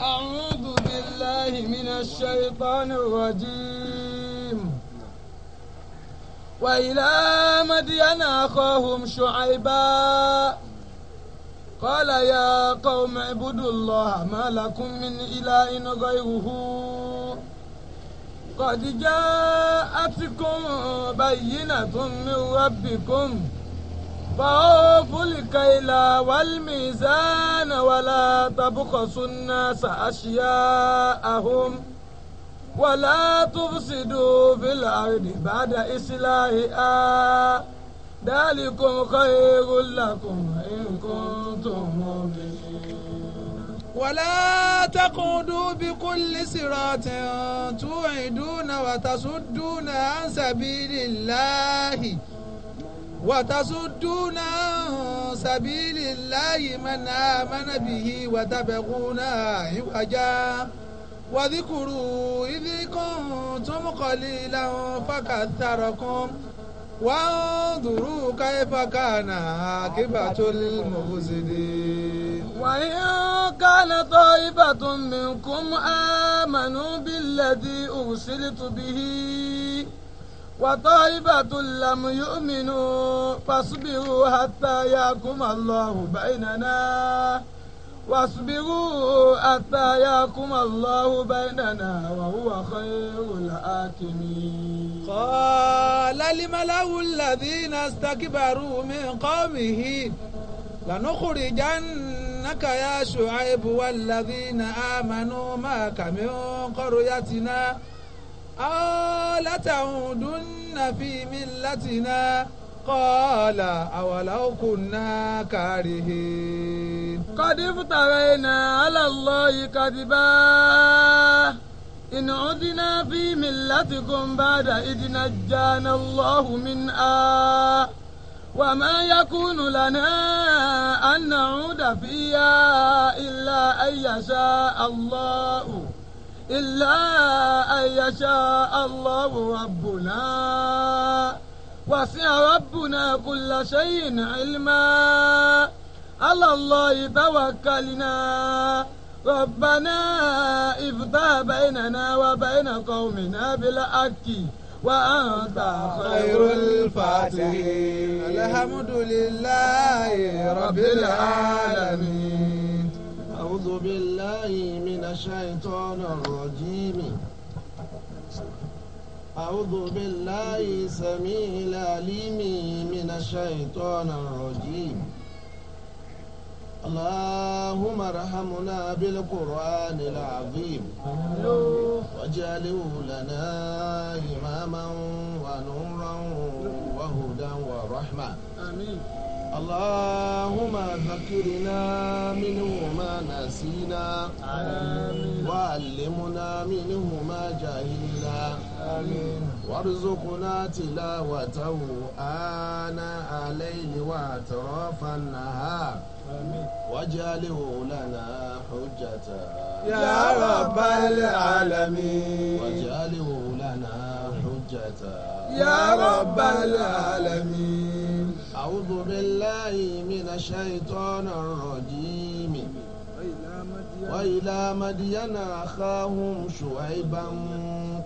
أعوذ بالله من الشيطان الرجيم وإلى مدين أخاهم شعيبا قال يا قوم اعبدوا الله ما لكم من إله غيره قد جاءتكم بينة من ربكم فأوفوا الكيل والميزان ولا تبخسوا الناس أشياءهم ولا تفسدوا في الأرض بعد إصلاحها ذلكم خير لكم إن كنتم مؤمنين ولا تقعدوا بكل صراط توعدون وتصدون عن سبيل الله وتصدون عن سبيل الله من آمن به وتبغون عوجا واذكروا إذ كنتم قليلا فكثركم وانظروا كيف كان عاقبة المفسدين وإن كان طائفة منكم آمنوا بالذي أرسلت به وطائفة لم يؤمنوا فاصبروا حتى يحكم الله بيننا واصبروا حتى يحكم الله بيننا وهو خير الحاكمين قال الملأ الذين استكبروا من قومه لنخرجنك يا شعيب والذين آمنوا معك من قريتنا ألا تعودن في ملتنا قال أولو كنا كارهين قد افترينا على الله كذبا إن عدنا في ملتكم بعد إذ نجانا الله منها وما يكون لنا أن نعود فيها إلا أن يشاء الله إلا أن يشاء الله ربنا وسع ربنا كل شيء علما على الله توكلنا ربنا افتح بيننا وبين قومنا بالحق وأنت خير الفاتحين الحمد لله رب العالمين أعوذ بالله من الشيطان الرجيم أعوذ بالله سميع العليم من الشيطان الرجيم اللهم ارحمنا بالقرآن العظيم واجعله لنا إماما ونورا وهدى ورحمة آمين اللهم ذكرنا منه ما نسينا وعلمنا منه ما جهلنا آمين وارزقنا تلاوته آناء الليل وأطراف النهار واجعله لنا حجة يا رب العالمين واجعله لنا حجة يا رب العالمين أعوذ بالله من الشيطان الرجيم وإلى مدين أخاهم شعيبا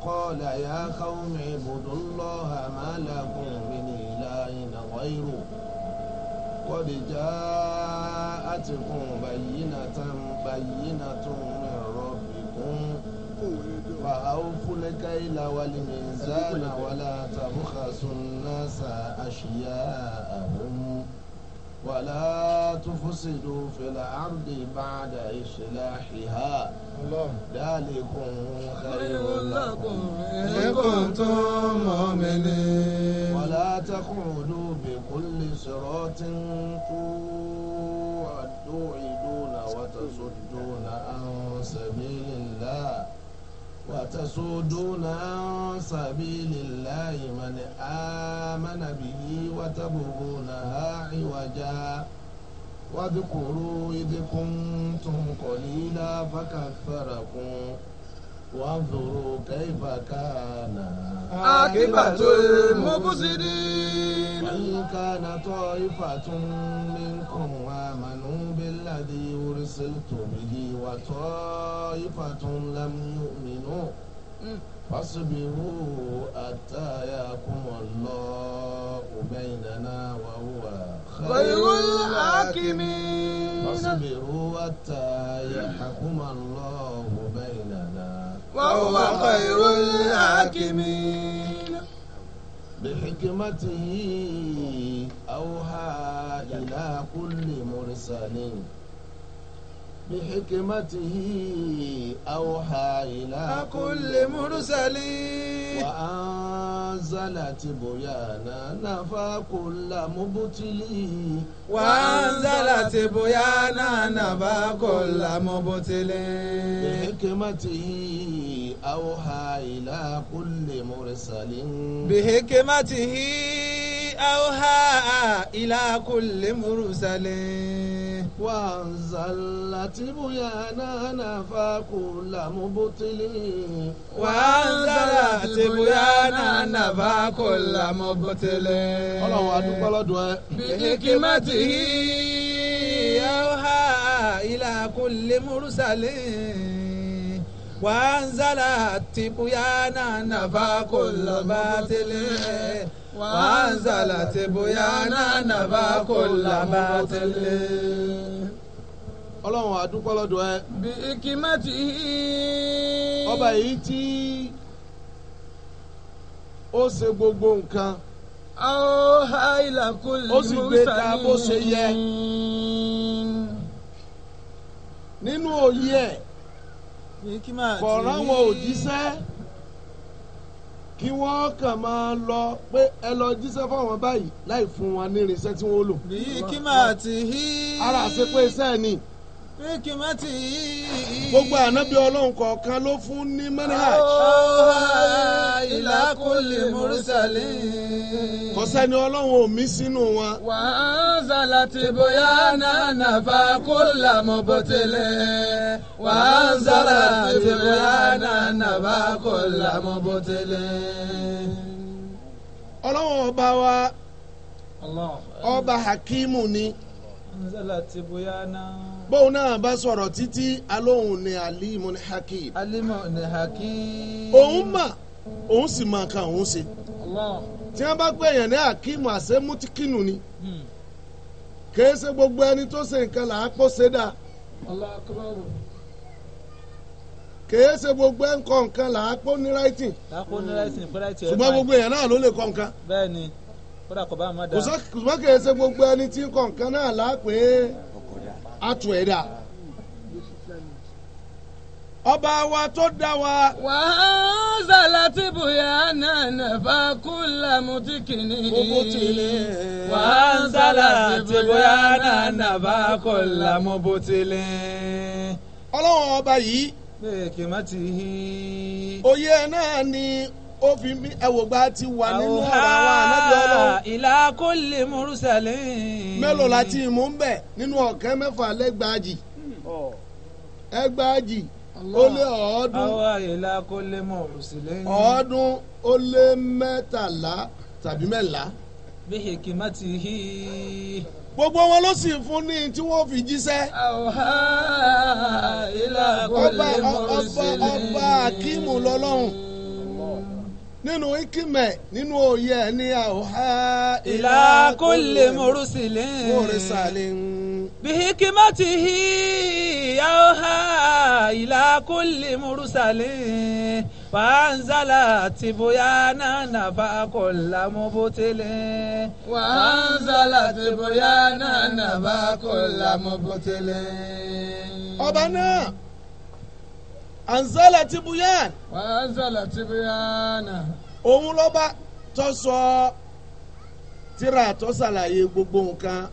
قال يا قوم اعبدوا الله ما لكم من إله غيره قد جاءتكم بينة بينة وأوفوا إلى والميزان ولا تبخس الناس أشياءهم ولا تفسدوا في الأرض بعد إصلاحها ذلكم خير لكم إن كنتم مؤمنين ولا تقعدوا بكل صراط توعدون وتصدون عن سبيل الله watasodo nasabililnyị mana amanabighi watabụru na ha iwaja wadkuru idikụtụnkonilabakatarwụ wazụrụgbakala فإن كان طائفة منكم آمنوا بالذي أرسلت به وطائفة لم يؤمنوا فاصبروا حتى يحكم الله بيننا وهو خير الحاكمين فاصبروا حتى يحكم الله بيننا وهو خير الحاكمين بحكمته أوها إلى كل مرسل لحكمته أوحى إلى كل مرسل وأنزل تبيانا نفى كل مبتل وأنزل تبيانا نفى كل مبتل بحكمته أوحى إلى كل مرسل بحكمته أوحى إلى كل مرسل وأنزلت بيانا فكل مبطل وأنزلت بيانا فكل مبطل ọlọ́run adúpẹ́ lọ́dún ẹ. bìkìmọ̀tì ọ̀hà ìlà kulli mursalin وأنزلت بيانا فكل باطل. وأنزلت بيانا نبا كل باطل ọlọ́run àdúpọ̀ ẹ. bí ikimati. ọba yìí tí ó ṣe gbogbo nǹkan. àwọn àìlà kò lè mú sàlẹ̀. ó sì gbé ta bó ṣe yẹ. nínú òye ẹ̀ kọ̀ọ̀rọ̀ àwọn kí wọ́n kàn máa lọ pé ẹ lọ jíṣẹ́ fáwọn báyìí láì fún wọn ní irinṣẹ́ tí wọ́n lò. bí kí máa ti hí. ara àṣepé iṣẹ́ ni. gbogbo ànábì ọlọ́run kọ̀ọ̀kan ló fún ní manhaj. ìlà kulli mursalin. kò sẹ́ni ọlọ́run ò mí sínú wọn. wà á zàlà tí bóyá náà nàfà kó làmọ́ bó tilẹ̀. wà á zàlà tí bóyá náà ọba wa ọba hakimu ni. nzalati bóun náà bá sọ̀rọ̀ títí alóhùn ni alimu ni hakim. alimu ni hakim. òun mà òun sì máa kan òun ṣe. tí wọ́n bá pè èèyàn ní ni hmm. kèé ṣe gbogbo ẹni tó ṣe nǹkan là á pọ̀ ṣe dáa. gbogbo ẹnìkan nǹkan là á pọ̀ ní gbogbo èèyàn náà ló lè nǹkan. kódà kò bá má da. kò bá kèrè ṣe gbogbo ẹni tí kọ̀ọ̀kan náà lápè àtò ẹ̀dá. ọba wa tó dá wa. wà á zàlá tí bùyà náà nàfà kúlà mú ti kìíní. gbogbo tilẹ̀. wà á zàlá tí bùyà náà nàfà kúlà mú bó tilẹ̀. ọlọ́run ọba yìí. bẹ́ẹ̀ kì í má ti hí. òye náà ni ó fi bí ẹwògbà ti wà nínú ọ̀rọ̀ àwọn ànábì ọlọ́run. ìlà kulli mursalin. mélòó la ti mú bẹ̀ nínú ọ̀kẹ́ mẹ́fà lẹ́gbàájì ẹgbàájì ó lé ọ̀ọ́dún ìlà kulli mursalin. ọ̀ọ́dún ó lé mẹ́tàlá tàbí mẹ́lá. bí hikimati hi gbogbo wọn ló sì fún ní tí wọn fi jíṣẹ́. ọba ọba ọba akíìmù lọ́lọ́run nínú ikimẹ nínú òye ní àwòhá. ìlà kò lè mọ̀rùsílẹ̀. mọ̀rùsàlẹ̀ ń. بحكمته أوحى إلى كل مرسل وأنزل تبيانا نفع كل مبتل وأنزل تبيانا نفع كل مبتل ọba náà anzala tibuyan. anzala tibuyana. òun ló bá tó sọ tíra tó ṣàlàyé gbogbo nǹkan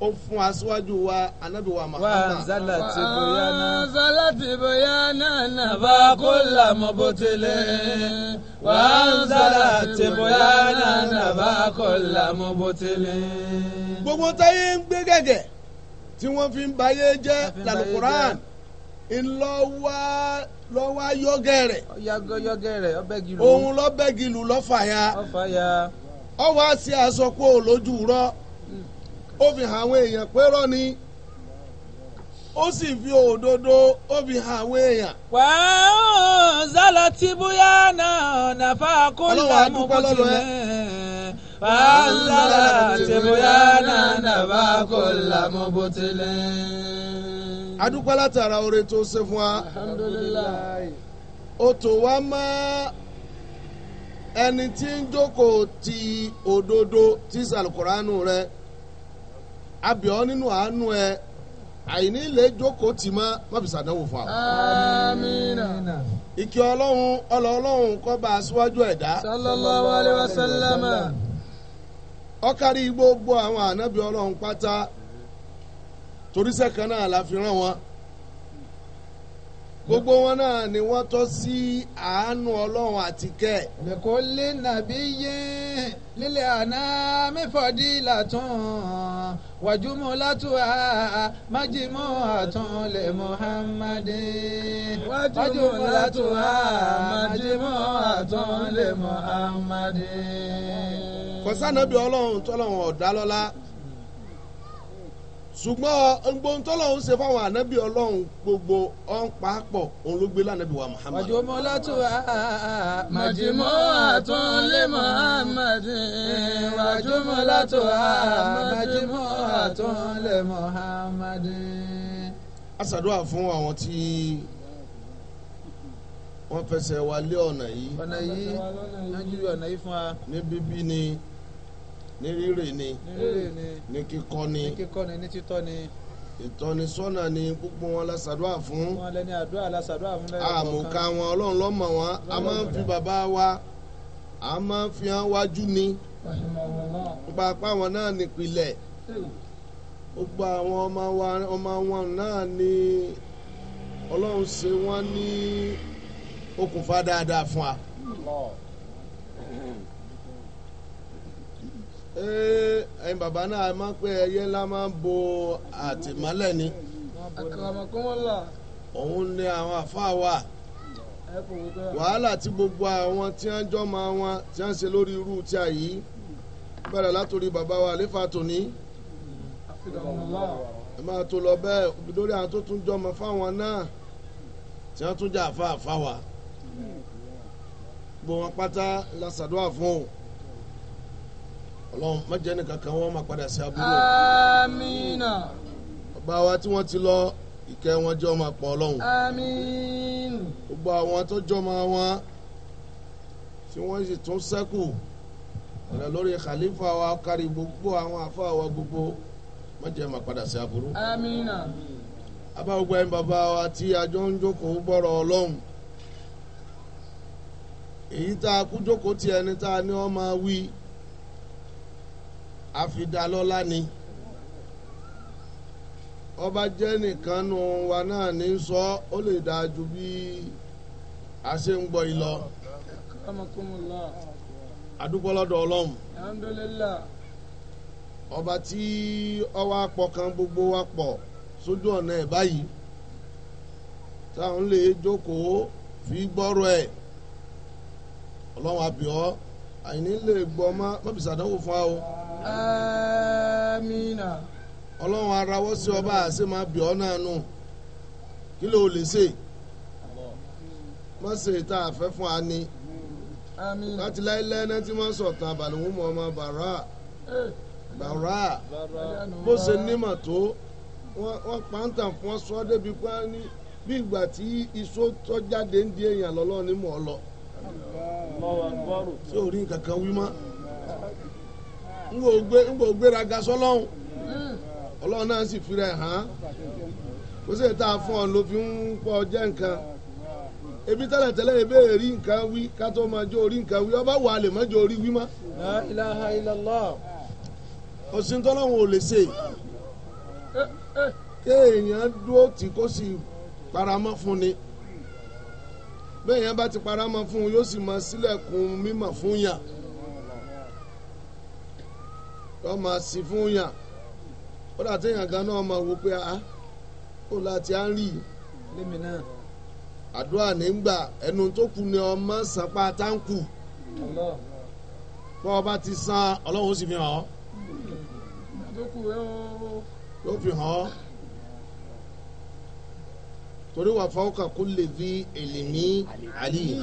ó fún aṣáájú wa anabi wa Muhammad. anzala tibuyana. anzala tibuyana nàbà kulla mubtilin. anzala tibuyana nàbà kulla mubtilin. gbogbo táyé ń gbé gẹ̀gẹ̀ tí wọ́n fi ń bayé jẹ́ lálùkùrán. ńlọ́wọ́ lọ́wọ́ yọgẹrẹ rẹ̀. yọ́gẹ́ rẹ̀ òun lọ́bẹ̀gì lù lọ́fà ya. ọwọ́ àti lójú rọ ó fi hàn àwọn èèyàn pé rọ ni ó sì fi òdodo ó fi hàn àwọn èèyàn. wà á tí bóyá náà nàfà adukwala tara oore tó ṣe fún wa o tò wa ẹni tí ń jókòó ti òdodo tí sàlùkùránù rẹ abìọ́ nínú àánú ẹ àìní lè jókòó tì mọ́ mọ́bìsàdánwò fún wa. ike ìkẹ́ ọlọ́run ọlọ́run kó bá ẹ̀dá. sallallahu alayhi wa sallam. ọkàrí gbogbo toríṣẹ́ kan náà la fi rán wọn gbogbo wọn náà ni wọ́n tọ́ sí àánú ọlọ́run àti kẹ́. lẹ́kọ̀ọ́ lé nàbí yé lílẹ̀ àná mẹ́fọ̀dí làtún wàjúmọ́ látúwà májímọ́ àtún lè Muhammad. wàjúmọ́ látúwà májímọ́ àtún lè Muhammad. kọ́sánà bí ọlọ́run tọ́lọ́run ọ̀dá ṣùgbọ́n gbogbo tọ́lọ́hún ń ṣe fáwọn ànábì ọlọ́run gbogbo ọ̀n pàápọ̀ òun ló gbé lánàbì wa muhammad. màjúmọ́ látò wá màjúmọ́ àtúnlé muhammad màjúmọ́ látò wá màjúmọ́ àtúnlé muhammad. a fún àwọn tí wọ́n fẹsẹ̀ wá lé ọ̀nà yìí. ọ̀nà yìí ọ̀nà yìí fún wa. ní bíbí ni ní rírè ni ní kíkọ́ ni ní kíkọ́ ni ní títọ́ ni ìtọ́nisọ́nà ni gbogbo wọn lásàdúrà fún. wọn lẹni àdúrà lásàdúrà fún lẹ́yìn kọ̀ọ̀kan. àmùká wọn ọlọ́run lọ́mọ wọn a máa ń fi bàbá wa a máa ń fi hàn wájú ni. nípa apá wọn náà nípìnlẹ̀ gbogbo àwọn ọmọ ọmọ wọn náà ni ọlọ́run ṣe wọ́n ní okùnfà dáadáa fún wa. ẹ̀yin bàbá náà a máa ń pẹ́ ẹyẹ ńlá máa ń bo àtìmọ́lẹ̀ ni. àkàràmọ̀kọ́mọ́là. òun ni àwọn àfáà wà wàhálà tí gbogbo àwọn tí wọ́n jọ máa wọn tí wọ́n ṣe lórí irú tí a yìí bẹ̀rẹ̀ látòrí bàbá wa àlefa tòní ẹ máa tó lọ bẹ́ẹ̀ lórí àwọn tó tún jọmọ fáwọn náà tí wọ́n tún jà fáfáwa gbogbo wọn pátá la ṣàdúrà fún o ọlọ́run má jẹ́ nìkan kan wọ́n máa padà sí aburú. amiina. bàbá wa tí wọ́n ti lọ ìkẹ́ wọn jọ máa pọ̀ ọlọ́run. amiin. gbogbo àwọn tó jọ máa wọn tí wọ́n sì tún sẹ́kù ọ̀rẹ́ lórí khalifa wa kárí gbogbo àwọn afa wa gbogbo má jẹ́ máa padà sí aburú. amiina. abáwọ̀gbọ́ ẹ̀ bàbá wa tí àjọ ń jókòó bọ̀rọ̀ ọlọ́run èyí tá a kú jókòó tiẹ̀ ní tá a ní ọ́ máa wí. àfidalọ́lá ni ọba jẹ́ nìkan nu wa náà ní sọ ó lè dáa ju bí a ṣe ń gbọ́ ìlọ. adúpọ̀ lọ́dọ̀ ọlọ́run. ọba tí gbogbo wa pọ̀ sójú ọ̀nà ẹ̀ báyìí táwọn lè jókòó fi gbọ́rọ̀ ẹ̀ ọlọ́run àbíọ́ àìní lè gbọ́ fún wa o. amina. ọlọ́run arawọ́ sí ọba àṣẹ máa bì ọ́ náà nù kí ló lè ṣe ṣe a fún wa ni láti láíláí tí wọ́n sọ̀tàn àbàlùwọ̀n mọ́ ọmọ bàrà bàrà bó ṣe nímọ̀ tó wọ́n pàǹtà fún ọ débi ní bí ìgbà tí iṣó tó jáde ń di èèyàn lọ́lọ́ọ̀ ń wò gbéra ga sọ́lọ́hún ọlọ́run náà sì fi rẹ̀ hàn án kó sì nka fún ọ fi pọ̀ jẹ́ ebi tẹ́lẹ̀ ebe rí nka wí ká tó ma jó orí nǹkan wí ọba wà lè mọ́jọ orí wí ilaha illallah. ò lè ni bá ti fún un yóò sì máa fún yọ máa sí fún yàn ó dà téèyàn gan náà máa wò pé a ah, kó láti á ń rí lémi náà àdúrà nígbà ẹnu tó kù ni ọmọ sanpa táǹkù bọ́ ọba ti san ọlọ́run sì fi hàn ọ́. tó o. fi hàn ọ́ torí wà fawqa kulli dhi ilmi alim.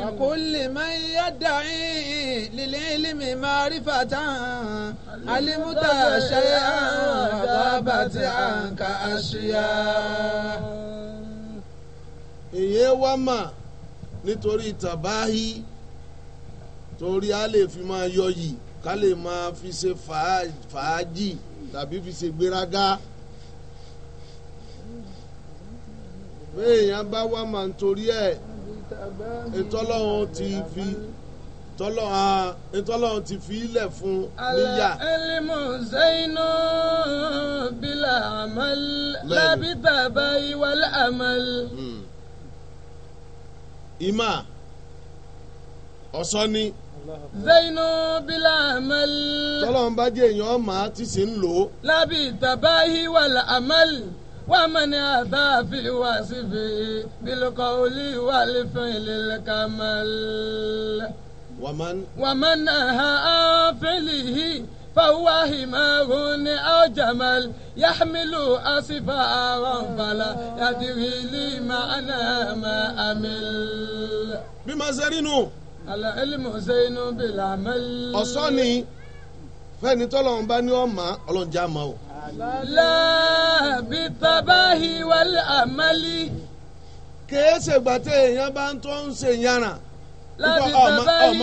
wa kulli man yadda'i lil ilmi ma'rifatan alimuta shay'an ghabati anka ashiya. èyí wá mà nítorí tàbáhí torí a lè fi máa yọ yìí ká lè máa fi ṣe fàájì tàbí fi ṣe gbéraga. béèyàn bá wá máa ń torí ẹ̀ ìtọ́lọ́hún ti fi ìtọ́lọ́hún ti fi ilẹ̀ fún níyà. ẹlẹ́mọ̀ zainu bílà àmàl lábìtà báyìí wàlẹ̀ àmàl. Hmm. ìmà ọ̀sọ́ ni. zainu bílà àmàl. tọ́lọ́hún bá jẹ́ èèyàn máa ti sì ń lò. lábìtà báyìí wàlẹ̀ àmàl. ومن أتى في وصفه بالقول والفعل الكمال ومن ومن أهى فعله فهو هماه أو جمل يحمل أصفاء فلا يدري لي معنى ما أمل بما زرينو العلم زين بالعمل أصاني فإن تولى أمباني أما ألون جامعه la bi tabahi wal amali. kèé ṣègbà tí èèyàn bá ń tó ń ṣe yànnà. la bi tabahi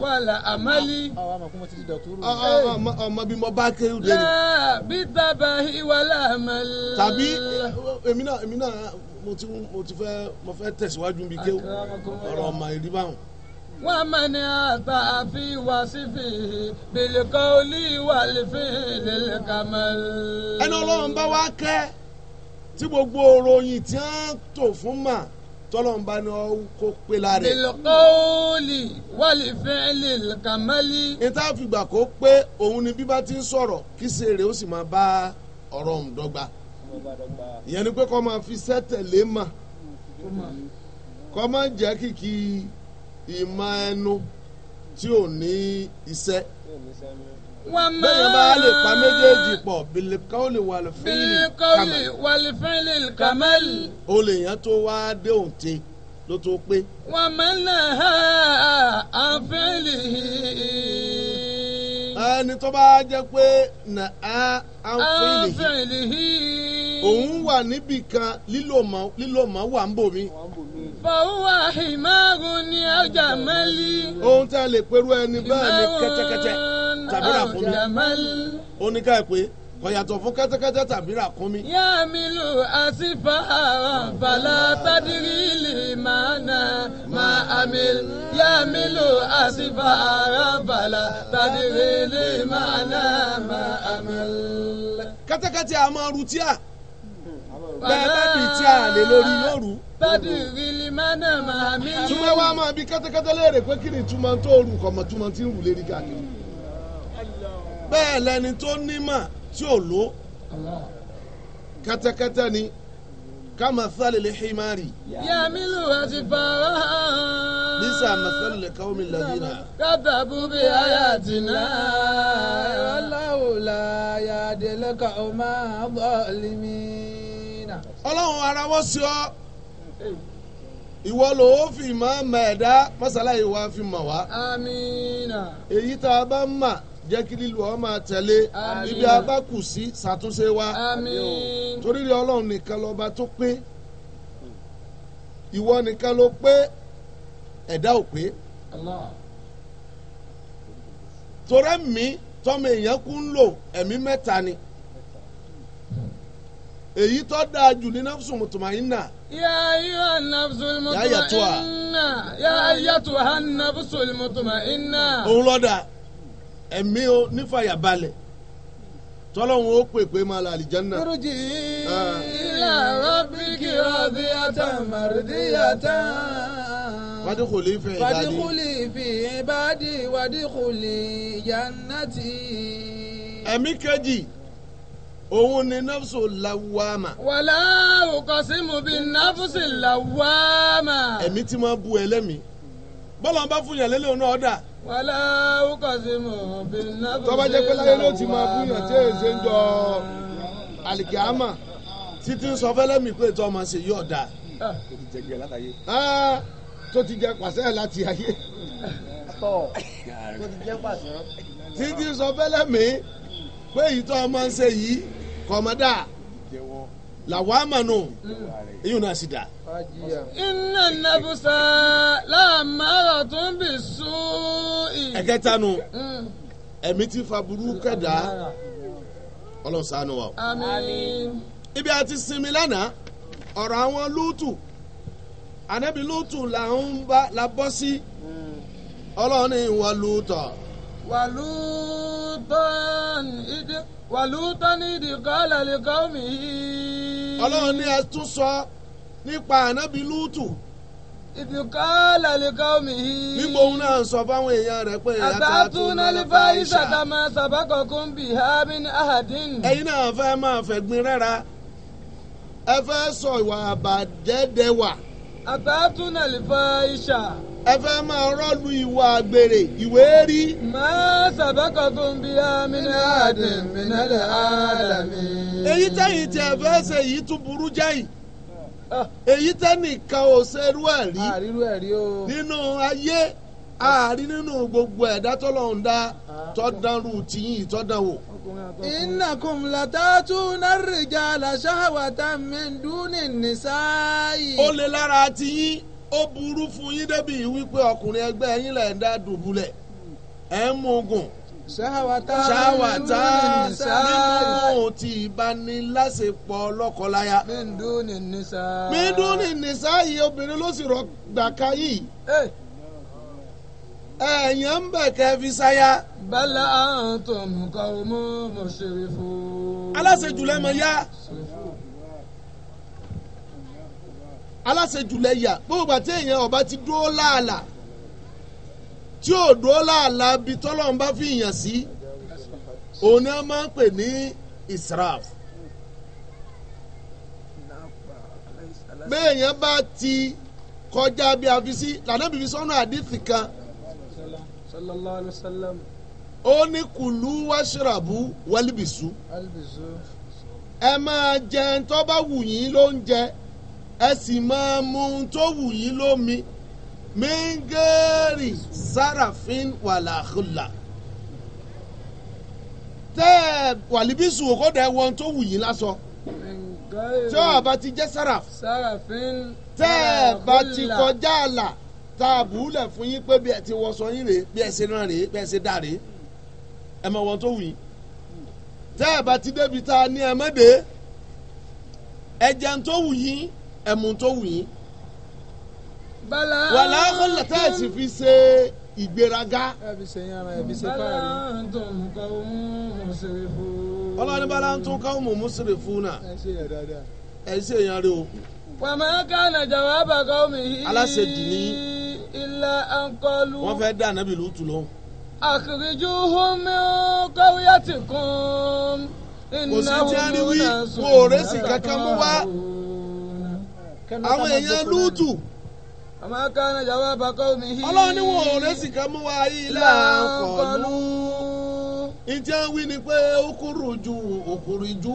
wal amali. ọmọ bí mo bá kéwù lé ni. la bi tabahi wal amali. tàbí èmi náà èmi náà mo ti fẹ́ mo fẹ́ tẹ̀síwájú bí kéwù ọ̀rọ̀ ọmọ ìdí báwọn. ومن أتى في وصفه بالقول والفعل الكمل. ẹni ọlọ́run bá wá kẹ́ tí gbogbo òròyìn tí wọ́n tò fún mà tọ́lọ́run bá ní kó pé lára ẹ̀. bilqawli wal fi'lil kamali. ní tá a fìgbà kó pé òun ni bí bá ti ń sọ̀rọ̀ kí sèrè ó sì máa bá ọ̀rọ̀ òun dọ́gba. ìyẹn ni pé kó máa fi sẹ́tẹ̀lé mà kó máa jẹ́ kìkì ìmọ̀ ẹnu tí ò ní iṣẹ́ bẹ́ẹ̀ bá lè pa méjèèjì pọ̀ bilikawuli walifẹ́lì kamẹ́lì. o lè yàn tó wá dé òǹtẹ ló tó pé. wọ́n mẹ́lẹ̀ ha àfẹ́lì. ẹni tó bá jẹ́ pé nà á àfẹ́lì. òun wà níbì kan wà ń bò mí fọwọ́ ìmáàrún ni ọjà mẹ́lí. ohun tí a lè pẹ̀lú ẹni bẹ́ẹ̀ ni kẹ́tẹ́kẹ́tẹ́ tàbí ràkúnmí ó ní ká ẹ̀ pé kọ̀yàtọ̀ fún kẹ́tẹ́kẹ́tẹ́ tàbí ràkúnmí. yá mi lù àsìfà bàlá tádìrí lè máa nà máa àmì yá mi lù àsìfà bàlá tádìrí lè máa nà máa àmì. kẹ́tẹ́kẹ́tẹ́ a máa rutí à bẹ́ẹ̀ bá bì tí a lè lórí lóru. bàbí ìrìlì mánà máa mi. túmọ̀ wá máa bí kẹ́tẹ́kẹ́tẹ́ léèrè pé kí ni túmọ̀ tó rù kọ̀mọ̀ túmọ̀ tí ń rù lérí gàdé. bẹ́ẹ̀ lẹni tó nímọ̀ tí ò ló kẹ́tẹ́kẹ́tẹ́ ni kama thali lihimari yamilu asifara bisa mathali likawmi ladina kadhabu bi ayatina wallahu la yadilka uma dhalimin ọlọ́run arawọ́ sí ọ ìwọ ló ó fi mọ́ ọmọ ẹ̀dá mọ́sálá ìwà fi mọ̀ wá. amiina. èyí tá a bá ń mà jẹ́ kí lílu ọ máa tẹ̀lé ibi a sí ṣàtúnṣe wa. torí rí ọlọ́run nìkan lọ́ba tó pé ìwọ nìkan ló pé ẹ̀dá ò pé. Allah torẹ́ mi tọ́mọ èèyàn kú ń lò ẹ̀mí mẹ́ta ni èyí tó dáa jù ní nafsu mutmainna. yà á yọ nafsu mutmainna yà á yàtò ha nafsu mutmainna. òun lọ́dà ẹ̀mí o nífàyàbalẹ̀ tọ́lọ́hún ó pè pé máa la àlìjánná. kúrújì ah. ilà rọ́bìkì rọ́bì àtàn màrídìyàtà. wàdíkùlì fi ìbàdí. wàdíkùlì fi ìbàdí wàdíkùlì yannati. ẹ̀mí kejì òun ni nọ́fṣù lawama. wàlá òkàsímù bíi nọ́fṣù lawama. ẹ̀mí tí máa bu ẹlẹ́mìí bọ́lá ń bá fún yàn lélẹ́yìn náà ọ̀dà. wàlá òkàsímù bíi nọ́fṣù lawama. tọ́ba jẹ́ pé láyé ló ti máa fún yàn tí èyí ṣe ń jọ alikiyama títí ń sọ fẹ́lẹ́mì pé tó ọmọ ṣe yóò dáa. Ah. Ah, tó ti jẹ pàṣẹ láti ayé. tó ti jẹ pàṣẹ. títí ń sọ fẹ́lẹ́mì pé ìtọ́ ọmọ ń ṣe yìí kọ̀mọ́dà làwọn àmànù eyín náà sì dà. iná nàbùsà láàmárọ̀ tó ń bì sùn. ẹ̀kẹ́ta nu mm. ẹ̀mí ti fa burú kẹ̀dá ọlọ́run ṣàánú wa. ibi a ti sinmi lánàá ọ̀rọ̀ àwọn lóòtù anabi lóòtù là ń bá la bọ́ sí mm. ọlọ́run ni wà lóòtọ̀. wà lóòtù wàlúùtàn ìdí kọ́lá lè kọ́ mi. ọlọ́run ní ẹ tún sọ nípa ànábì lúùtù. ìdí kọ́lá lè kọ́ mi. nígbà òun náà sọ fáwọn èèyàn rẹ̀ pé ìyá ta tó ń lọ fà ìṣà. àtàtúndínlẹ́fà ìṣàkàmọ́ sàbákọ̀kún bíi hamin ahadin. ẹ̀yin náà fẹ́ máa fẹ̀gbin rẹ́ra ẹ fẹ́ sọ ìwà àbàjẹ́ dẹwà. àtàtúndínlẹ́fà ìṣà ẹ fẹ́ máa rọ́ọ̀lù ìwà àgbèrè ìwé rí. máa sàbẹ́kọ̀ tó ń bí amínà àdìn mìnàlẹ̀ àlàmì. èyí tẹ́yìn tí ẹ fẹ́ ṣe yìí tún burú jáì ah. èyí tẹ́nìkan ò ṣerú ẹ̀ rí. àrírú ẹ̀ rí o. nínú ayé àárín nínú gbogbo ẹ̀dá tọ́lọ́hún dá tọ́dánrú tìyín tọ́dánwò. innakum latatuna rijala shahwatan min duni nisai. ó lè lára tìyín ó burú fún yín débi wípé ọkùnrin ẹgbẹ́ yín lẹ̀ ń dá dùbúlẹ̀ ẹ̀ ń mogun ṣáwàtá nínú ti ìbániláṣepọ̀ lọ́kọláya. míndú ni nìṣá. yìí obìnrin ló sì rọgbà ká yìí. Eh. ẹ̀yàn ń bẹ̀ kẹ́ fi ṣáyà. bala antum qawmun mushrifun. aláṣẹ jùlọ mọ̀ yá. aláṣejùlẹ̀ yà gbogbo àti èèyàn ọba ti dúró láàlà tí ò dúró láàlà bíi tọ́lọ́run bá fi yàn sí òun ni wọ́n máa ń pè ní israf. béèyàn bá ti kọjá bí a fi sí lànàbí fi sọ́nà àdìsí kan. sallallahu alaihi wasallam. ó ní kùlú wáṣíràbù wálíbìsú. ẹ máa jẹun tó bá wù yín ló ń jẹ ẹ sì máa mu ohun tó wù yín lómi mingeri sarafin wàlàhùlà tẹ ẹ wàlíbísù kó dẹ wọn tó wù yín lásọ tí ó bá ti jẹ saraf tẹ ẹ bá ti kọjá àlà tààbù lẹ fún yín pé bí ẹ ti wọṣọ yín rèé bí ẹ ṣe náà rèé bí ẹ ṣe dà rèé ẹ mọ wọn tó wù yín tẹ ẹ bá ti débi tá a ẹ mọ ẹ jẹun tó wù yín ẹmu tó wù yín wàlá ọlọ tá a sì fi ṣe ìgbéraga. ọlọ́ni bala ń tún káwọn mọ̀mú sílẹ̀ fún náà ẹ̀ ṣe èèyàn rí o. wàmọ̀ kánà jawaba qaumi. aláṣẹ dìní. ilà ànkọlù. wọ́n fẹ́ dá ànábì lùtù lọ. akhrijuhum min qaryatikum. kò sí tí a rí rẹ́sì kankan mú wá àwọn èèyàn lútù. àmọ́ kánà jàwá bàkọ́ mi ọlọ́run ní wọn ò lẹ́sìn kan mú wa yí láǹkọ̀ọ́nù. ìjẹ́ wí ni pé ó kúrò ju òkúrì jù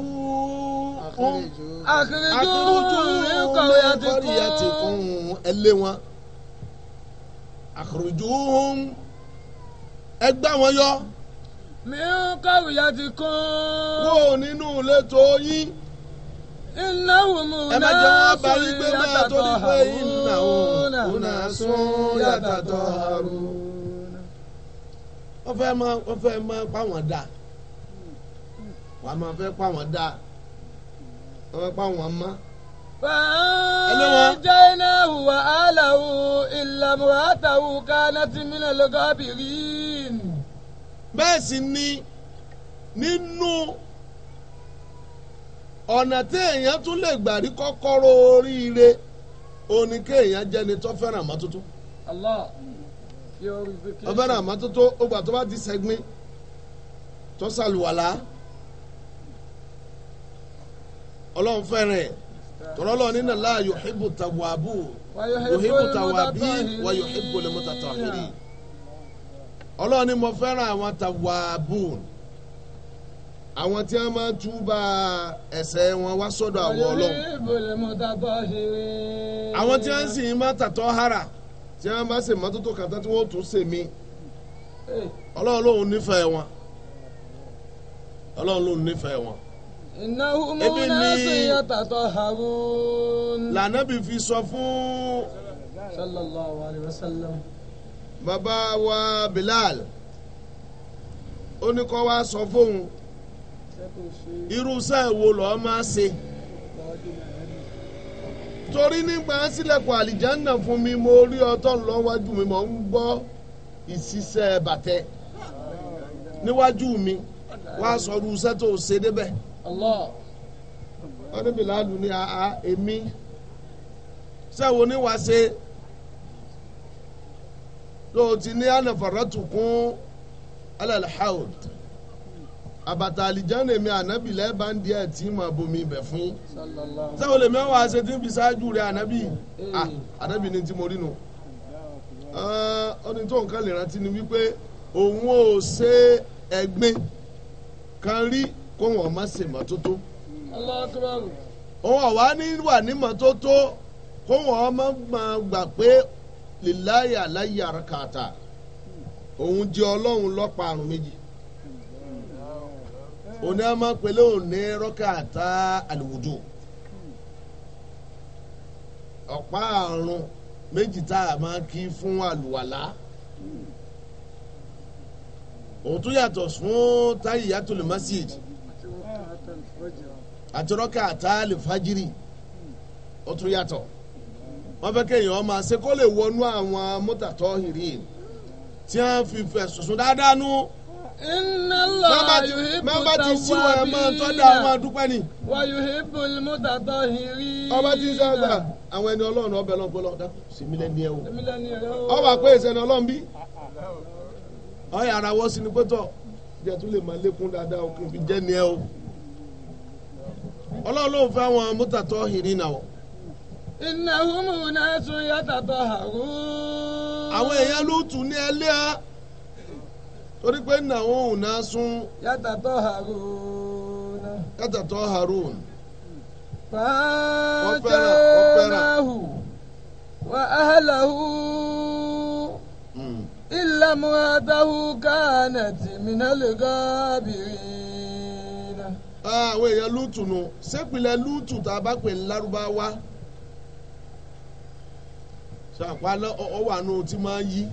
akérèjú kọ̀wé àti kún ẹlẹ́ wọn akérèjú ẹgbẹ́ wọn yọ. mi ń kọ̀wé àti kún. kó nínú ilé yín ẹ má jẹ́ wọ́n bá rí pé máa tó ní pé iná òun ònà sún yàtàtọ̀ àrò. wọ́n fẹ́ mọ wọ́n fẹ́ mọ páwọn dà wọ́n máa fẹ́ páwọn dà wọ́n fẹ́ páwọn mọ́. فأنجيناه وأهله إلا امرأته كانت من الغابرين. bẹ́ẹ̀ sì ni nínú. No. ọ̀nà tí èèyàn tún lè gbà rí kọ́kọ́rọ́ oríire òní kí èèyàn jẹni tó fẹ́ràn àmọ́tótó. ó fẹ́ràn àmọ́tótó ó gbà tó bá ti sẹ́gbin tó ṣàlùwàlá ọlọ́run fẹ́ràn ẹ̀ tọ́lọ́ lọ nínú láàyò ìbò wàyò ìbò ọlọ́run ni mo fẹ́ràn àwọn àwọn tí wọ́n máa túbà ẹ̀ṣẹ̀ wọn wá sọ́dọ̀ àwọn ọlọ́run. àwọn tí wọ́n sì máa tàtọ́ hara tí wọ́n bá ṣe mọ́tótó kàtà tí wọ́n tún ṣe mí ọlọ́run lòun nífẹ̀ẹ́ wọn ọlọ́run lòun nífẹ̀ẹ́ wọn. ìnáwó múná sí yàtàtọ̀ fi sọ fún. sallallahu alayhi wa sallam. wa Bilal ó ní kó wá sọ fóun irú iṣẹ́ wo lọ́ọ́ máa ṣe torí nígbà sílẹ̀kùn àlìjánà fún mi mo rí ọtọ́ lọ́wájú mi mo ń gbọ́ ìṣiṣẹ́ bàtẹ́ níwájú mi wàá sọ irú iṣẹ́ tó ṣe débẹ̀ wọ́n níbi láàlú ní àá èmi sẹ́wọ̀n oníwà ṣe lóòtí ní ànàfàràtù kún alẹ́ àbàtà àlìjáná èmi Anabi, lẹ́ẹ̀bá ń di ẹ̀ tí mo abomi ibẹ̀ fún yín. sáwọn olè mẹ́wàá ṣe ti ń fi ṣáájú rẹ̀ ànábì eh. ah, ànábì ni ti mo rí nu. ọdún tó nǹkan lè rántí ni wípé òun ò ṣe ẹ̀gbin kan rí kó wọn má ṣe mọ́tótó. òun àwa ní wà ní mọ́tótó kó wọn má gbà pé lè láyà láyà kàtà òun jẹ́ ọlọ́run lọ́pàá àrùn méjì. òní a máa òní rọ́kàtà àlùwùdù ọ̀pá àrùn méjì tá a máa kí fún àlùwàlá òun yàtọ̀ fún tahiyatul masiji àti rọ́kàtà àlùfájìrì fajiri tún yàtọ̀ wọ́n fẹ́ kéèyàn máa ṣe lè wọnú àwọn mọ́tàtọ́ hìrì tí wọ́n fi fẹ̀sùn sùn dáadáa nú. No? bàbá ti sí wa ẹ máa da àwọn adúpẹ́ ni. ọba ti sọ gbà àwọn ẹni ọlọ́run ọbẹ̀ lọ́n pẹ́ lọ́dá sí mílẹ́ni ẹ̀ o. ọba pé ìsẹ̀ni ọlọ́run bí. ọyà ara wọ́ sí ni pé tọ̀ tún lè máa lékún dáadáa o kò fi ni ẹ o. ló ń fẹ́ náà. ìnáwó àwọn torí pé nà wọn ò sún. yàtà tó harun. yàtà tó harun. fàájọ́nàhù wà áhàlàhù ìlàmúhàtàhù kánà tìmínàlégọ́bìrín. àwọn èèyàn lútù nù sépìlẹ̀ lútù tá a bá pè lárúbáwá ṣàpá ọwọ́ àánú tí máa ń yí.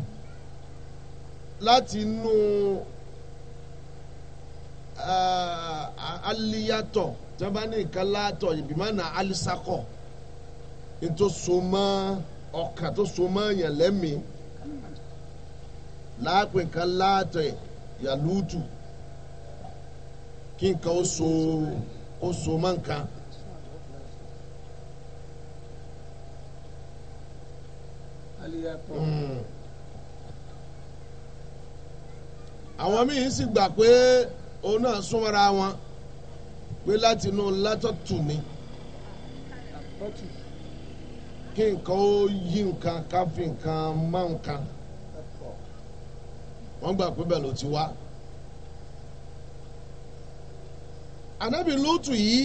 láti inú eh, aliyatọ̀ tí wọ́n bá ní nǹkan látọ̀ ìbímọ náà alisakọ̀ ètò sọmọ́ ọkà tó sọmọ́ yẹn lẹ́mìí láàpẹ̀ nǹkan látọ̀ kí nǹkan ó so ó so mọ́ nǹkan. aliyatọ̀. Hmm. àwọn míín sì gbà pé òun náà súnmọ́ra wọn pé láti inú látọ̀tù ni kí nǹkan ó yí nǹkan ká fi nǹkan má nǹkan wọ́n gbà pé bẹ́ẹ̀ ló ti wá. ànábì lótù yìí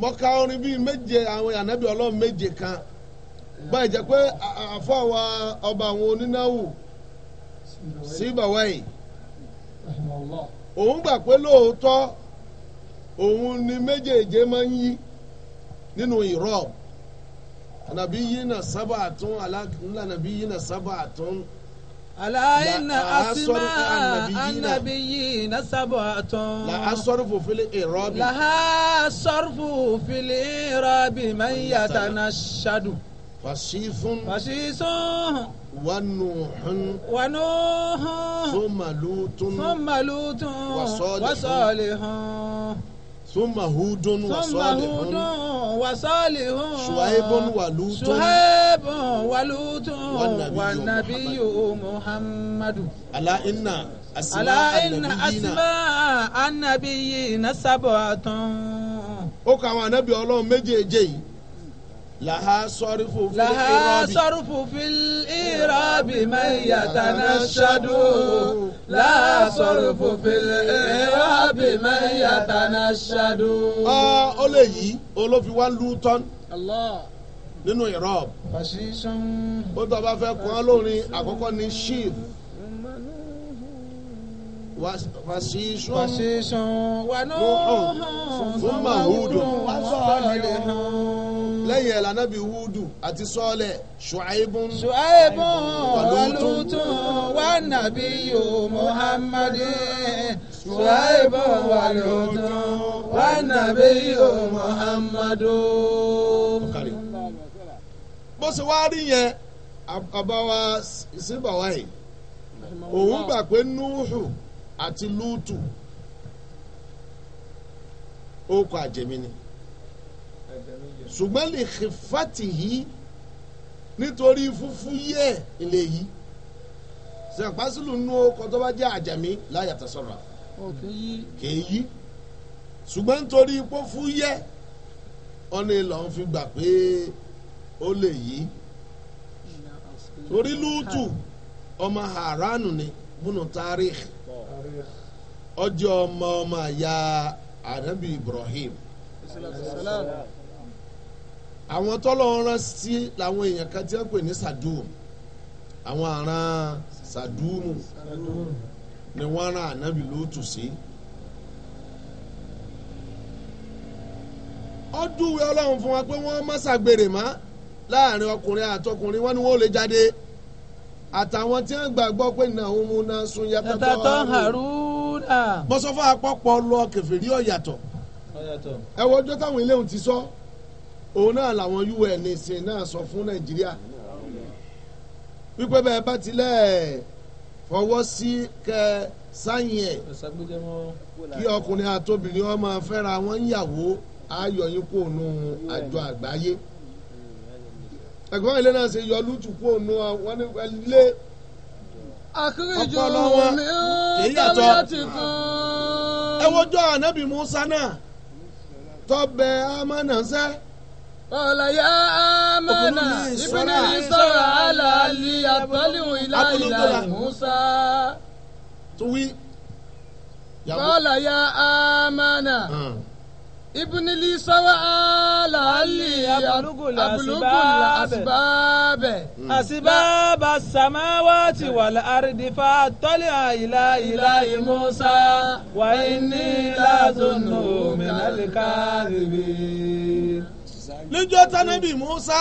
mọ̀ká orin bíi méje àwọn ànábì ọlọ́run méje kan. báyìí ija pé àfọ àwọn ọba àwọn onínáwó síbàwáyì òun gbà pé lóòótọ́ òun ni méjèèjì máa ń yí nínú ìrọ̀ nàbí yìí nà sábà sábà aláìna asima anabi na sábà la asọ́rùfù fili fili na shadu. فشيث فشيث ونوح ونوح ثم لوط ثم لوط وصالح وصالح ثم هود وصالح وصالح شعيب ولوط شعيب ولوط والنبي محمد ألا إن أسماء النبيين ألا إن أسماء النبيين سبعة ó kà àwọn ànábì ọlọ́run méjèèjì yìí لها صرف في لها صرف في الإعراب من يتنشد لها صرف في الإعراب من يتنشد. ọ ọ lè yí olófin wa lu tán nínú ìrọ́b. ó tọ́ bá fẹ́ kọ́ lórin àkọ́kọ́ ní shiv. Fasishun Fasishun wa nuhun Fuma hudun Wa sọ̀rọ̀ lè hàn lẹ́yìn ẹ̀ lànàbí wúdù àti sọ́ọ̀lẹ̀ ṣùáìbùn. ṣùáìbùn wàlúùtùn wà nàbí yòó muhammadin. ṣùáìbùn wàlúùtùn wà nàbí yòó muhammadin. bó ṣe wá rí yẹn àbáwá síbàwá yìí òun gbà pé núhù àti lútù ó kọ àjẹmí ni ṣùgbọ́n lè xe fati yìí nítorí fúfú yẹ ilé yìí sèpásílù nù ọkọ tó bá jẹ àjàmí láyàtọ̀ sọ̀rọ̀ kéyí ṣùgbọ́n nítorí fúfú yẹ ọ̀nà ìlànà fi gbà pé ó lè yí torí lúùtù ọmọ haranu ni bùnú tariq ọjọ́ ọmọ ọmọ àyà anabi ibrahim àwọn tọ́lọ́run rán sí làwọn èèyàn kan tí wọ́n pè ní sadum àwọn àràn sadumu ni wọ́n rán ànábì lóòtù sí. ó dúwe ọlọ́run fún wa pé wọ́n má ṣàgbèrè mọ́ láàrin ọkùnrin àtọkùnrin wọn ni wọ́n ò lè jáde àtàwọn tí wọ́n gbàgbọ́ pé náà mú náà sun yàtọ̀ tó haruna. mo sọ fún apọ́pọ̀ lọ kẹfìrí ọ̀yàtọ̀ ẹ wo ọjọ́ táwọn ilé òun ti sọ. So òun náà làwọn UN ṣe náà sọ fún Nàìjíríà wípé bẹ́ẹ̀ bá tilẹ̀ fọwọ́ sí kẹ sáyìn ẹ̀ kí ọkùnrin àtobìnrin ọmọ fẹ́ra wọn yàwó ayọ̀ yín kó nu àjọ àgbáyé ẹ̀gbọ́n ilé náà ṣe yọ lùtù kó nu wọn ní ilé ọpọlọ wọn kì í ẹ wojọ́ ànábì Musa náà tọ́bẹ̀ amánàṣẹ́. قال يا آمانا ابن إسرائيل على لي أطلع إلى إله موسى قال يا آمانا ابن لي سواء لعلي أبلغ الأسباب أسباب السماوات والأرض فأطلع إلى إله موسى وإني لأظنه من الكاذبين lọ́jọ́ tánábì Musa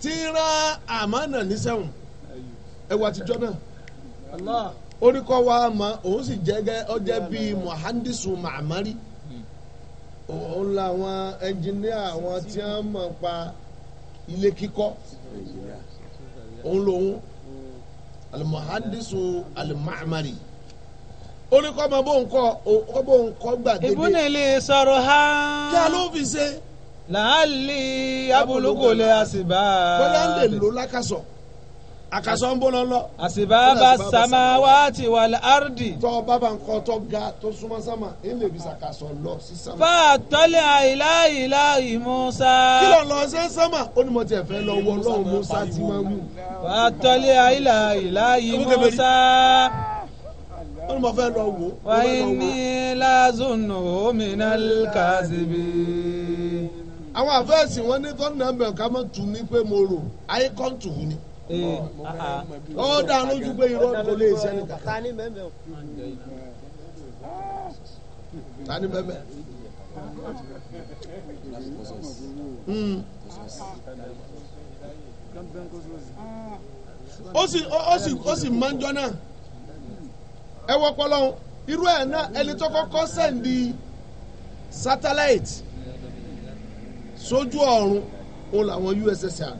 ti rán àmánà ní sẹ́wọ̀n ẹ̀wà àtijọ́ náà orúkọ wa ma òun sì jẹ́gẹ́ ọjẹ́ bíi muhandisu mahamari òun làwọn ẹnjìníà àwọn tí wọ́n mọ̀ pa ilé kíkọ́ òun lòun alimuhandisu alimahamari orúkọ ma bó ń kọ́ bó ń kọ́ gbàgede. ìbúnilé sọ̀rọ̀ ha. kí a ló fi ṣe làálì abuluko lè àṣìbá. bọ́lá ń lè lò lákàsọ̀ àkàsọ̀ ń bọ́lọ́ lọ. àṣìbá bá sàmà wá ti wà lárdì. tọ́ bàbá nǹkan tó ga tó súnmọ́ sàmà ẹ lè fi sàkàsọ̀ lọ sí sàmà. fà tọ́lẹ̀ àìlá ìlà ìmúsà. kí ló lọ sí sàmà ó ní mo tiẹ̀ fẹ́ lọ wọ ọlọ́run musa ti máa wù. fà tọ́lẹ̀ àìlá ìlà ìmúsà wọ́n mọ̀ fẹ́ lọ wò. wáyé ní lázùnù mí náà kàzíbi. àwọn àfẹ́sì wọn ní kọ́ńtà ń ká mọ̀ tù ní pé mo rò ayé kọ́ńtù wù ni. ó pé irọ́ kò lè ṣe nìkan. ta ni mẹ́mẹ́ o. Hmm. ó sì ó sì ó sì máa sójú ọ̀run ó làwọn USSR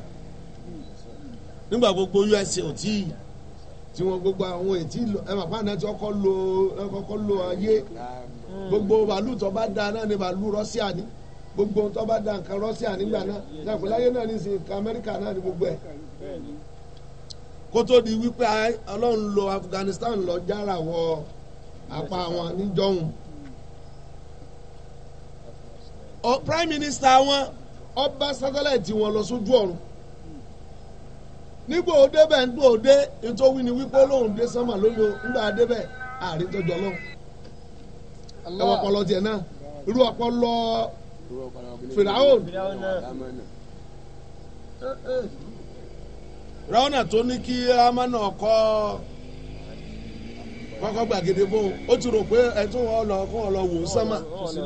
nígbà gbogbo USA ò tí ì tí wọn gbogbo àwọn ètí ẹ mà pa náà tí wọn kọ lo ẹ kọkọ lo ayé gbogbo bàálù tó bá da náà ni bàálù Russia ni gbogbo tó bá da nǹkan Russia nígbà náà yàgò láyé náà ní sìn nǹkan Amẹ́ríkà náà ni gbogbo ẹ̀ kó tó di wípé Ọlọ́run lo Afghanistan lọ jára wọ apá wọn níjọ́hun. prime minister wọn ọba satellite wọn lọ sójú ọrụ nígbà òde bẹ́ẹ̀ nígbà òde nítorí ni wípé lóun dé sánmà nígbà ọpọlọ tiẹ̀ náà irú ọpọlọ fìràwọ̀n ráwọ̀nà tó ní kí kọ́kọ́ gbàgede bó o ti rò pé ẹ tún wọn lọ fún ọ lọ wò ó sánmà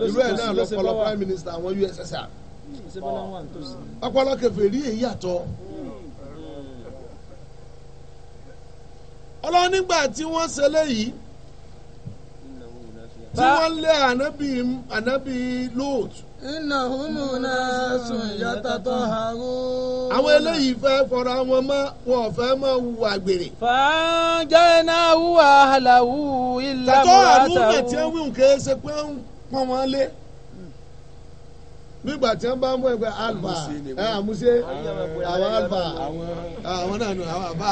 ìlú ẹ̀ náà lọ́pọ̀lọ́ prime minister àwọn USSR hmm, ọpọlọ kẹfẹ́ rí èyí àtọ́ hmm. ọlọ́run nígbà tí wọ́n ṣe léyìí hmm. tí wọ́n lé ànábì ànábì lóòtù ìnáhùnmùnà àwọn eléyìí fẹ́ fọra wọn mọ́ wọn fẹ́ mọ́ hùwà gbèrè. fàájẹ́ náà hùwà ilà mùwàtà o. tàtọ́ àdúgbò tí wọ́n wí nǹkan ṣe pé ń pọ́n wọn lé. nígbà tí wọ́n bá ń bọ̀ ẹgbẹ́ alba ẹ àmúṣe àwọn alba àwọn náà àwọn àbá.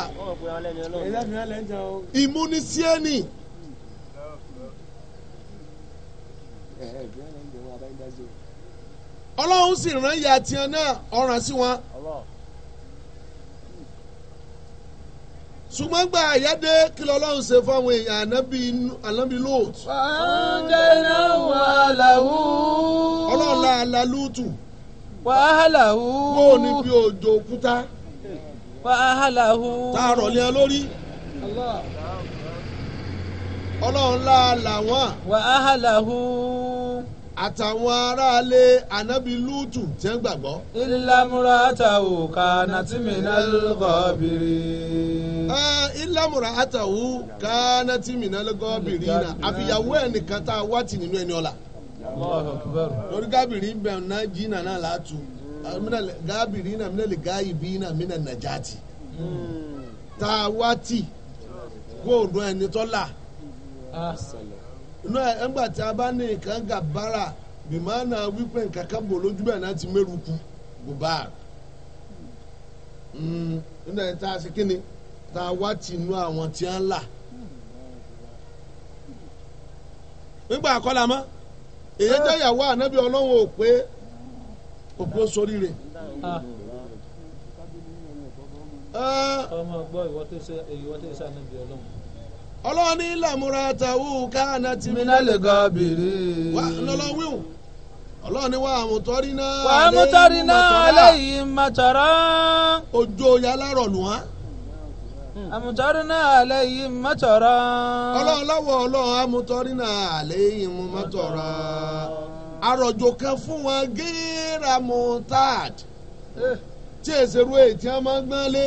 ìmúnisíẹ́nì. ọlọ́run sì rán ìyá tiẹ̀ náà ọ̀ràn sí wọn. ṣùgbọ́n gba àyáde kí lọ́lọ́run ṣe fáwọn èèyàn ànábì lóòtù. ọ̀dẹ̀nà wàhálà wù. ọlọ́run la la lóòtù. wàhálà wù. kó o ní bí òjò òkúta. wàhálà wù. tá a rọ̀ lé ẹ lórí. ọlọ́run la làwọn. wàhálà wù. àtàwọn aráalé ànábì lúùtù tí ń gbàgbọ́. ìlàmúra àtàwò kànáàtìmínà lọ́gọ́bìrì. ìlàmúra àtàwò kànáàtìmínà lọ́gọ́bìrì náà àfìyàwó ẹnìkan tá a wá tì nínú ẹni ọ̀la. lórí gábìrì ń bẹ̀rù náà jìnnà náà látú gábìrì náà mílẹ̀lì gáyìbí náà mílẹ̀ nàjàtì. tá a wá tì kó o dún ẹni tọ́lá. inú ẹ ńgbà tí a bá ní nǹkan gàbára bìmánà wípé nǹkan kan bò lójú bẹ́ẹ̀ náà ti mẹ́rùkù gùbáà hmm, nínú ẹ̀ tá a ṣe kíni tá a wá ti inú àwọn tí wọ́n là nígbà àkọlà mọ́ èyí jẹ́ ìyàwó ànábì ọlọ́run ò pé òpó soríire. Ah. Ah. ọmọ gbọ́ ìwọ tó ànábì ọlọ́run ọlọ́run ní làmúra tàwù káàná ti mi náà lè gọ́ bèrè. wà lọ́lọ́ wíwù ọlọ́run ní wà á mú tọ́rí náà. wà á mú tọ́rí náà lẹ́yìn màtọ́rọ́. ojú yàrá rọ̀ nù wá amutarina aleyhi matara. ọlọ́run lọ́wọ́ ọlọ́run amutarina aleyhi matara. arọ̀jò kan fún wọn géèrà mutad eh. tí èsèrú èyí tí máa ń gbọ́n lé.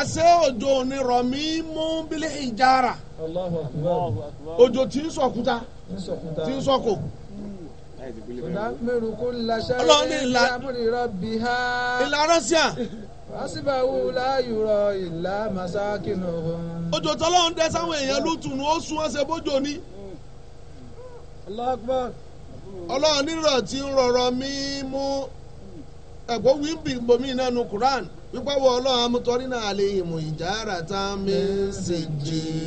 àṣẹ òjò òní rọ̀mí mú bílẹ̀ ìjára òjò tí ń sọ̀kúta tí ń sọ̀kò. ìlànà sí à. wàásìbáwò láyùrọ̀ ìlà màsákìnà. òjò tọ́lọ́ ń dẹ́ sáwọn èèyàn ló tùnú ó sún ọ̀sẹ̀ bójò ni. Allahu Akbar. ọlọ́run nírọ̀ ń rọ̀rọ̀ mí ẹ̀kọ́ wí bí nu Quran wípé wọ ọlọ́run amútọ́rí náà lè mú ìjára tá a mi ṣe jẹ́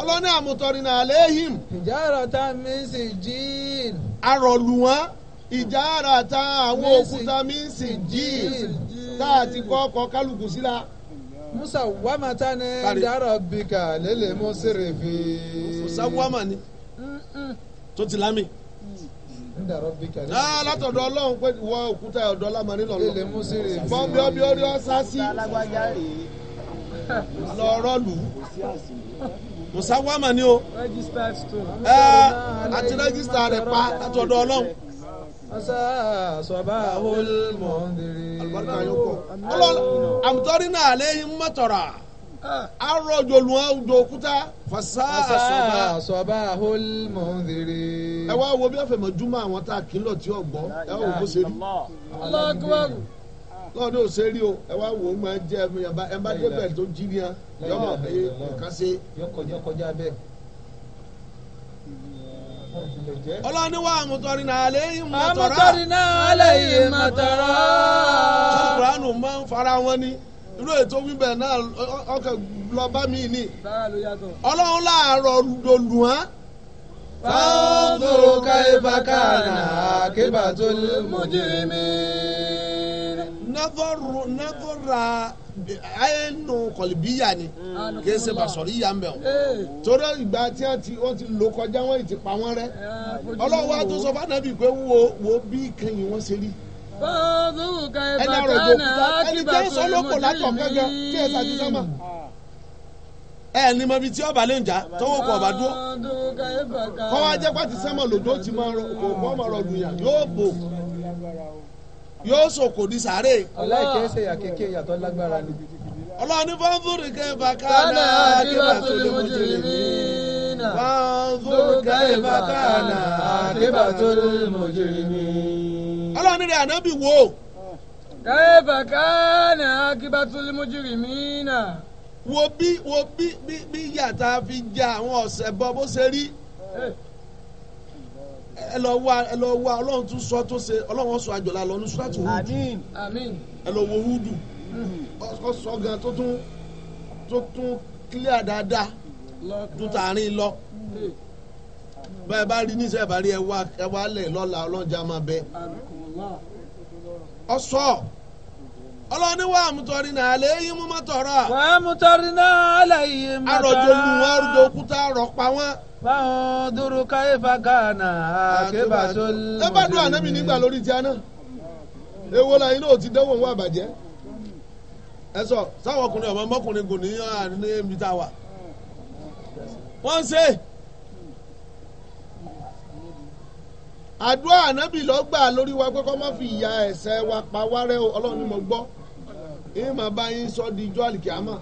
ọlọ́ni àmútọ́rí náà lè hìm. ìjára tá a mi ṣe ti kọ́ ọkọ̀ kálukú musa wàmà tá ni ìjárọ̀ bìkà lélẹ̀ mú sèrè fi. musa náà ah, látọ̀dọ̀ ọlọ́run pé wọ òkúta ọ̀dọ́ lámàrin lọ lọ bọ́m̀bí ọbí orí ọ̀sá sí lọ́ọ̀rọ̀ lù ú musa wàmà ni o ẹ àti rẹ́gísítà rẹ̀ pa látọ̀dọ̀ ọlọ́run. arọjò lu àwùjọ òkúta fasa àsọba àsọba olùmọ̀ọ́dẹ̀rẹ̀. ẹ wá wo bí àfẹ̀mọ̀ júmọ̀ àwọn tá a kì í lọ tí ò ẹ wá wò bó ṣe rí. lọ́ọ̀dún ò ṣe rí o ẹ wá wò ó máa jẹ́ ẹ bá débẹ̀ tó jí ni yọmọ pé kàn ṣe. yọkọjá bẹ́ẹ̀ ọlọ́ni wa àmùtọ́rin àlẹ́ ìmọ̀tọ́ra àmùtọ́rin àlẹ́ ìmọ̀tọ́ra. sọ́kùránù máa ń fara wọn ni. irú ètò wíbẹ̀ náà ọkọ̀ lọ bá mi ní. ọlọ́run láàárọ̀ toro ka òkà ìbákà náà kébà tó lè mójú mi. nẹ́fọ̀rù nẹ́fọ̀rà ayélu kọ̀lìbíyà ni kì í ṣe bàṣọ̀rí yà ń bẹ̀ wọ́n. torí ìgbà tí wọ́n ti lò kọjá wọ́n ti pa wọ́n rẹ́. ọlọ́wọ́ àtúnṣe fanabi pé wo wo bí kẹyìn wọ́n ẹni na ẹni tẹ́ ń sọ lóko látọ̀ gángan tí ẹ sàdí sọ́mà ẹ ní mọ ibi tí ọba lè ń jà tọwọ́ kọ ọba dúró kọ́ wa jẹ́ pàtí sẹ́mọ̀ lòdó tí máa rọ kò kọ́ máa rọ dùnyà yóò bò yóò sòkò di sàárè. ọláìkè ṣe yà kéèké yàtọ̀ lágbára ni. ọlọ́ọ̀ni fọ́nfúrì kẹfà kánà àkébà tó lè mú jèrè mí. tó lè mú jèrè mí. ọlọ́run rẹ̀ ànábì wò ó. kẹ́fà kánà akíbatúlì mújúrì mí nà. wo bí wo bí bí bí yàtá fi ja àwọn ọ̀sẹ̀ bọ́ bó ṣe rí eh. ẹ lọ wá ẹ lọ wá ọlọ́run tún sọ tó ṣe ọlọ́run sọ àjọlá lọ ní sùràtù húdù ẹ lọ wo húdù ọ hmm. sọ gan tó tún tó tún kílíà dáadáa tó tààrin lọ hmm. bẹ́ẹ̀ bá rí níṣẹ́ bá ẹ wá ẹ wá lẹ̀ lọ́la ọlọ́jà máa bẹ. ọsọ ọlọ́ni wa àmútọ́rin na lè eyi mú a à. náà lè yí mọ́tọ́rọ́ a àròjò lu wọn àròjò pa wọn. fáwọn dúró káyé fagana àkébà tó lù. ẹ bá dùn nígbà lórí náà ti dánwò wọn ẹ sọ àdúrà ànábì lọ́gbà lórí wa pé kọ́ má fi ìyà ẹ̀ṣẹ̀ wa pa wá o ọlọ́run ni mo gbọ́ èyí máa bá yín sọ di ijó àlìkíámà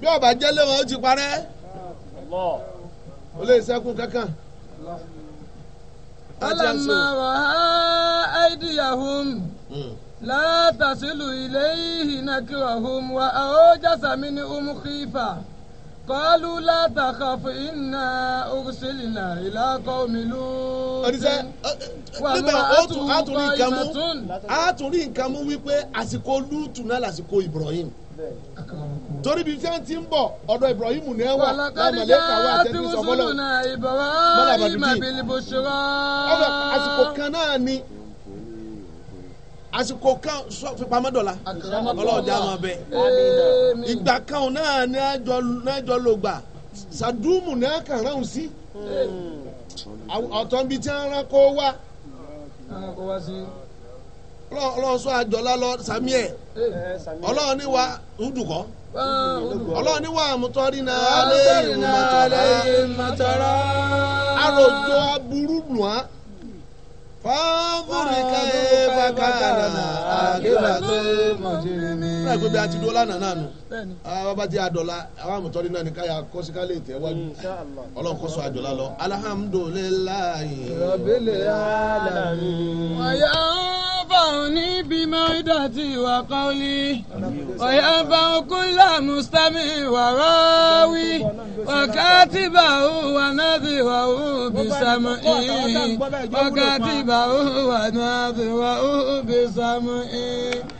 bí ọba jẹ́lé wọn ó ti parẹ́ ó lè sẹ́kù kankan. alamma wa aidiyahum hmm. la tasilu ilayhi nakirahum wa aojasa minhum khifa. قالوا لا تخف إنا أرسلنا إلى قوم لوط níbẹ̀ àtúrí nǹkan mú àtúrí nǹkan mú wípé àsìkò lúùtù náà lásìkò Ibrahim torí bí fẹ́ẹ́ ti ń bọ̀ ọ̀dọ̀ Ibrahim ní ẹ̀wà lọ́mọlẹ́ kàwé àtẹ́tí sọ́fọ́lọ́ mọ́lá bàdúgbì ọ̀dọ̀ àsìkò kan náà ni àsìkò kan fipamọ́ dọ̀la ọlọ́ọ̀dà máa bẹ ìgbà kan náà ní àjọ lògbà sàdúùmù náà kàn ráhùn sí ọ̀tọ̀ níbi tí wọ́n rán kó wá ọlọ́ọ̀sọ àjọlá lọ sàmì ẹ̀ ọlọ́ọ̀ ní wa ńdùkọ́ ọlọ́ọ̀ wa àmútọ́rí náà lẹ́yìn mọ́tọ́rọ́ àròjọ aburú lùwọ́n fọ́ọ̀mùrì káyé bàkàrà àkíwà tó mọ̀jìrì mi. bẹ́ẹ̀ pé bí a ti dúró lánàá náà nù. Ah, àwọn bá ti àdọ̀la àwọn àmọ̀tọ́rí náà ni káyà kọ́síkálẹ̀ tẹ̀ wájú ọlọ́run kọ́ sọ àjọ̀la lọ alhamdulillahi rabbil alamin. wàyà báwo ní bímọ ìdọ̀tí wà kọ́lí wàyà báwo kúlà mùsùlùmí wà rọ́wí wákàtí báwo wà nàbí wàwú bìsàmù ìyí wákàtí báwo wà nàbí wàwú bìsàmù ìyí.